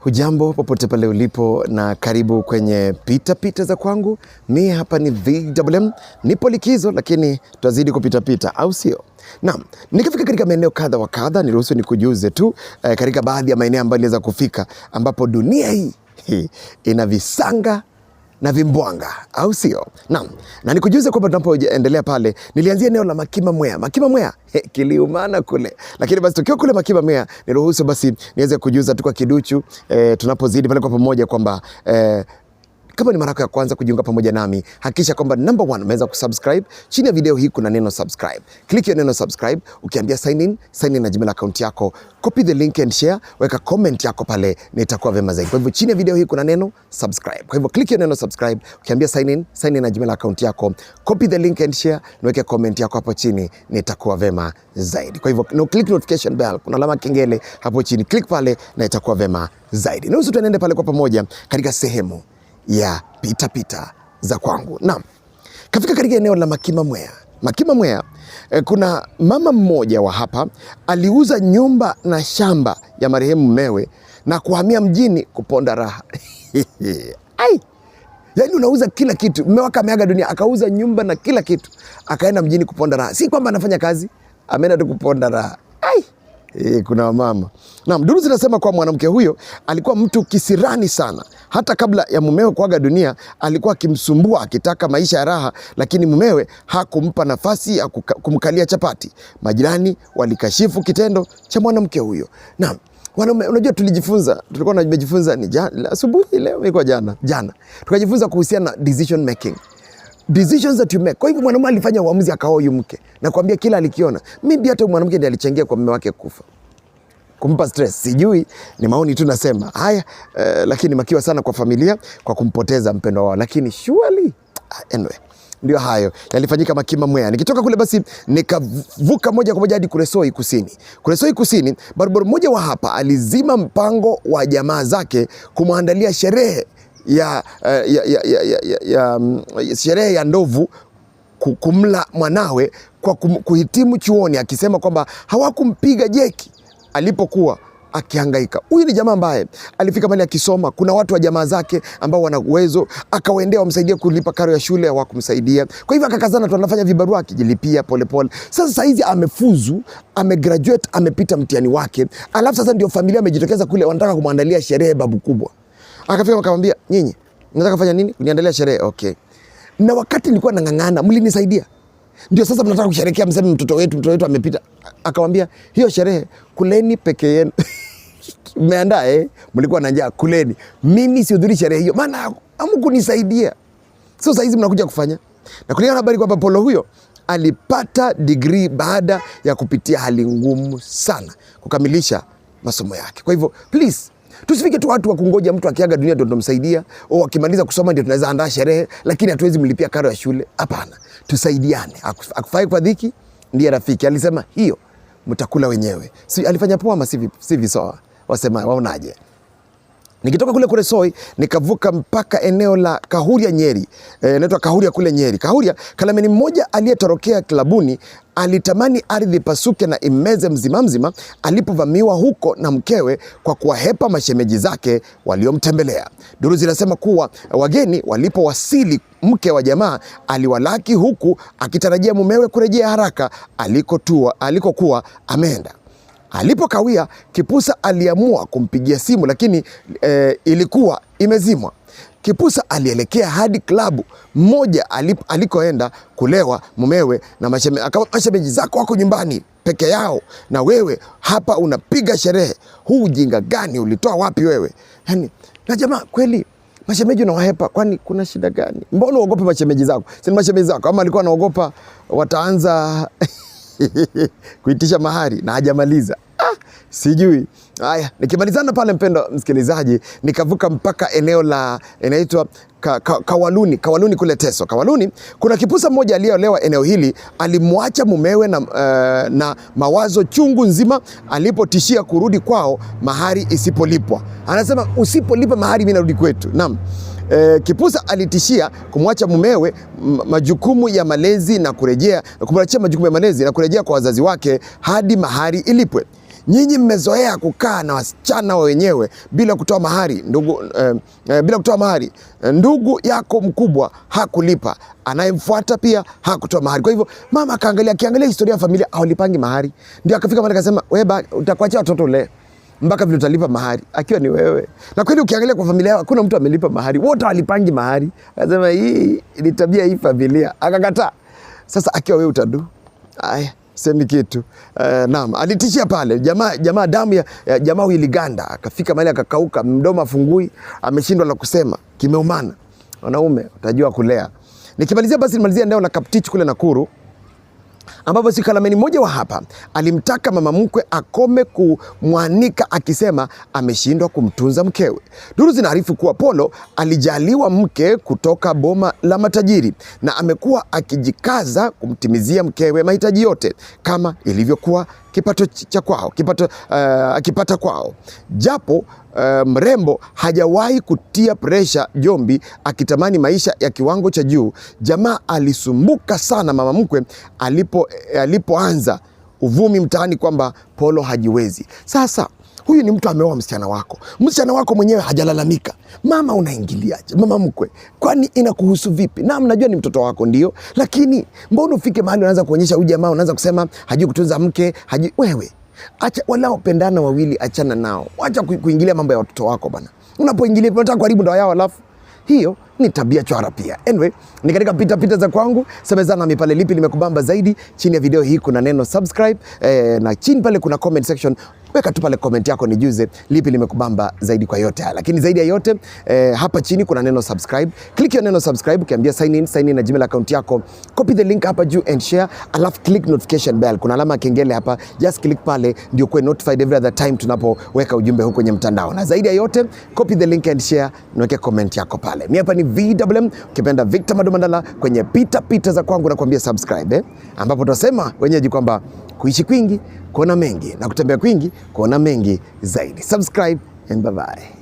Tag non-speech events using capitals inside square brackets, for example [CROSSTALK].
Hujambo popote pale ulipo na karibu kwenye pita pita za kwangu. Mi hapa ni VMM, nipo likizo lakini twazidi kupita pita, au sio? Naam, nikifika katika maeneo kadha wa kadha, niruhusu nikujuze tu eh, katika baadhi ya maeneo ambayo iliweza kufika ambapo dunia hii hii ina visanga na vimbwanga au sio? Naam, na nikujuze kwamba tunapoendelea pale nilianzia eneo la Makima Mwea. Makima Mwea kiliumana kule, lakini basi tukiwa kule Makima Mwea niruhusu basi niweze kujuza tu kwa kiduchu eh, tunapozidi pale kwa pamoja kwamba eh, kama ni mara yako ya kwanza kujiunga pamoja nami, hakikisha kwamba number one umeweza kusubscribe. Chini ya video hii kuna neno subscribe. Click hiyo neno subscribe, ukiambia sign in, sign in na Gmail account yako. Copy the link and share, weka comment yako pale na itakuwa vema zaidi. Kwa hivyo chini ya video hii kuna neno subscribe. Kwa hivyo click hiyo neno subscribe, ukiambia sign in, sign in na Gmail account yako. Copy the link and share, na weka comment yako hapo chini na itakuwa vema zaidi. Kwa hivyo no click notification bell, kuna alama kengele hapo chini. Click pale na itakuwa vema zaidi. Na usitu tuende pale kwa pamoja katika sehemu ya pitapita za kwangu. Naam, kafika katika eneo la Makima Mwea. Makima Mwea eh, kuna mama mmoja wa hapa aliuza nyumba na shamba ya marehemu mmewe na kuhamia mjini kuponda raha. [LAUGHS] Ai, yaani unauza kila kitu. Mume wake ameaga dunia, akauza nyumba na kila kitu, akaenda mjini kuponda raha. Si kwamba anafanya kazi, ameenda tu kuponda raha. Ai. E, kuna wamama. Naam, duru zinasema kwa mwanamke huyo alikuwa mtu kisirani sana. Hata kabla ya mumewe kuaga dunia alikuwa akimsumbua akitaka maisha ya raha, lakini mumewe hakumpa nafasi ya kumkalia chapati. Majirani walikashifu kitendo cha mwanamke huyo. Naam, wanaume, unajua tulijifunza, tulikuwa tunajifunza ni asubuhi leo, ilikuwa jana jana, tukajifunza kuhusiana na decision making decisions that you make. Kwa hivyo mwanamume alifanya uamuzi akaoa huyu mke, nakwambia kila alikiona. Mimi hata mwanamke ndiye alichangia kwa mume wake kufa, kumpa stress. Sijui, ni maoni tu nasema haya. eh, lakini makiwa sana kwa familia kwa kumpoteza mpendwa wao, lakini surely ah, anyway ndio hayo yalifanyika Makima Mwea. Nikitoka kule basi nikavuka moja kwa moja hadi Kuresoi Kusini. Kuresoi Kusini, barabara mmoja wa hapa alizima mpango wa jamaa zake kumwandalia sherehe Eh, ya, ya, ya, ya, ya, ya, ya, mm, ya sherehe ya ndovu kumla mwanawe kwa kuhitimu chuoni, akisema kwamba hawakumpiga jeki alipokuwa akihangaika. Huyu ni jamaa ambaye alifika mali akisoma. Kuna watu wa jamaa zake ambao wana uwezo, akawaendea wamsaidia kulipa karo ya shule, hawakumsaidia. Kwa hivyo akakazana tu, anafanya vibarua akijilipia polepole. Sasa saizi amefuzu, amegraduate, amepita mtihani wake, alafu sasa ndio familia amejitokeza kule, wanataka kumwandalia sherehe babu kubwa. Akafika akamwambia, nyinyi nataka kufanya nini? Niendelea sherehe. Okay. Na wakati nilikuwa nang'ang'ana, mlinisaidia. Ndio sasa mnataka kusherekea, mseme mtoto wetu, mtoto wetu amepita. Akamwambia, hiyo sherehe kuleni peke yenu. [LAUGHS] Mmeandaa eh? Mlikuwa na njaa, kuleni. Mimi sihudhuri sherehe hiyo maana hamkunisaidia. Sio saizi mnakuja kufanya. Na kulingana na habari kwamba Polo huyo alipata degree baada ya kupitia hali ngumu sana kukamilisha masomo yake. Kwa hivyo please Tusifike tu watu wa kungoja mtu akiaga dunia ndio tunamsaidia, au akimaliza kusoma ndio tunaweza andaa sherehe, lakini hatuwezi mlipia karo ya shule. Hapana, tusaidiane. Akufai kwa dhiki ndiye rafiki. Alisema hiyo mtakula wenyewe. Si alifanya poa ama si visoa? Wasema waonaje? Nikitoka kule Kuresoi nikavuka mpaka eneo la Kahuria Nyeri, E, eh, naitwa Kahuria kule Nyeri. Kahuria, kalameni mmoja aliyetorokea klabuni alitamani ardhi pasuke na imeze mzima mzima alipovamiwa huko na mkewe kwa kuwahepa mashemeji zake waliomtembelea. Duru zinasema kuwa wageni walipowasili, mke wa jamaa aliwalaki huku akitarajia mumewe kurejea haraka alikotua alikokuwa ameenda. Alipokawia, Kipusa aliamua kumpigia simu, lakini e, ilikuwa imezimwa. Kipusa alielekea hadi klabu moja alikoenda kulewa mumewe na masheme, akawa mashemeji zako wako nyumbani peke yao, na wewe hapa unapiga sherehe. Huu ujinga gani ulitoa wapi wewe? Yani, na jamaa kweli mashemeji unawahepa, kwani kuna shida gani? Mbona uogope mashemeji zako? Si mashemeji zako, ama alikuwa anaogopa wataanza [LAUGHS] [LAUGHS] kuitisha mahari na hajamaliza. Ah, sijui haya. Nikimalizana pale, mpendo msikilizaji, nikavuka mpaka eneo la inaitwa ka, ka, Kawaluni, Kawaluni kule Teso. Kawaluni kuna kipusa mmoja aliyeolewa eneo hili, alimwacha mumewe na, uh, na mawazo chungu nzima alipotishia kurudi kwao mahari isipolipwa. Anasema usipolipa mahari mimi narudi kwetu. Naam. Eh, kipusa alitishia kumwacha mumewe majukumu ya malezi na kurejea kumwachia majukumu ya malezi na kurejea kwa wazazi wake hadi mahari ilipwe. Nyinyi mmezoea kukaa na wasichana wa wenyewe bila kutoa mahari ndugu, eh, eh, bila kutoa mahari. Ndugu yako mkubwa hakulipa, anayemfuata pia hakutoa mahari. Kwa hivyo mama akaangalia, akiangalia historia ya familia hawalipangi mahari, ndio akafika akasema, wewe utakuachia watoto leo mpaka vile utalipa mahari, akiwa ni wewe. Na kweli ukiangalia kwa familia yao hakuna mtu amelipa mahari, wote walipangi mahari. Akasema hii ni tabia hii familia, akakataa. Sasa akiwa wewe utadu aya semi kitu uh, naam, alitishia pale jamaa jamaa, damu ya, ya jamaa iliganda, akafika mahali akakauka, mdomo afungui, ameshindwa la kusema, kimeumana. Wanaume utajua kulea. Nikimalizia basi, nimalizia ndio na Kaptich kule Nakuru ambapo Kalameni mmoja wa hapa alimtaka mama mkwe akome kumwanika akisema ameshindwa kumtunza mkewe. Duru zinaarifu kuwa Polo alijaliwa mke kutoka boma la matajiri na amekuwa akijikaza kumtimizia mkewe mahitaji yote kama ilivyokuwa kipato cha kwao kipato, uh, akipata kwao japo uh, mrembo hajawahi kutia presha Jombi akitamani maisha ya kiwango cha juu. Jamaa alisumbuka sana mama mkwe alipo alipoanza uvumi mtaani kwamba Polo hajiwezi. Sasa Huyu ni mtu ameoa msichana wako, msichana wako mwenyewe hajalalamika. Mama unaingiliaje? Mama mkwe, kwani inakuhusu vipi? Naam, najua ni mtoto wako ndio, lakini mbona ufike mahali unaanza kuonyesha huyu jamaa, unaanza kusema hajui kutunza mke, hajui wewe Acha wanaopendana wawili, achana nao, acha kuingilia mambo ya watoto wako bana. Unapoingilia unataka kuharibu ndoa yao, alafu hiyo ni tabia chwara pia. Anyway, ni katika pita pita za kwangu, semezana nami pale lipi limekubamba zaidi. Chini ya video hii kuna neno subscribe, eh, na chini pale kuna comment section. Weka tu pale comment yako nijuze lipi limekubamba zaidi kwa yote haya. Lakini zaidi ya yote eh, hapa chini kuna neno subscribe. Click hiyo neno subscribe, ukiambia sign in, sign in na Gmail account yako. Copy the link hapa juu and share, alafu click notification bell. Kuna alama kengele hapa. Just click pale ndio uwe notified every other time tunapoweka ujumbe huko kwenye mtandao. Na zaidi ya yote copy the link and share, niweke comment yako pale. Mimi hapa ni VMM, ukipenda Victor Mandala kwenye pita pita za kwangu, na kuambia subscribe eh, ambapo tutasema wenyeji kwamba kuishi kwingi kuona mengi na kutembea kwingi kuona mengi zaidi. Subscribe and bye bye.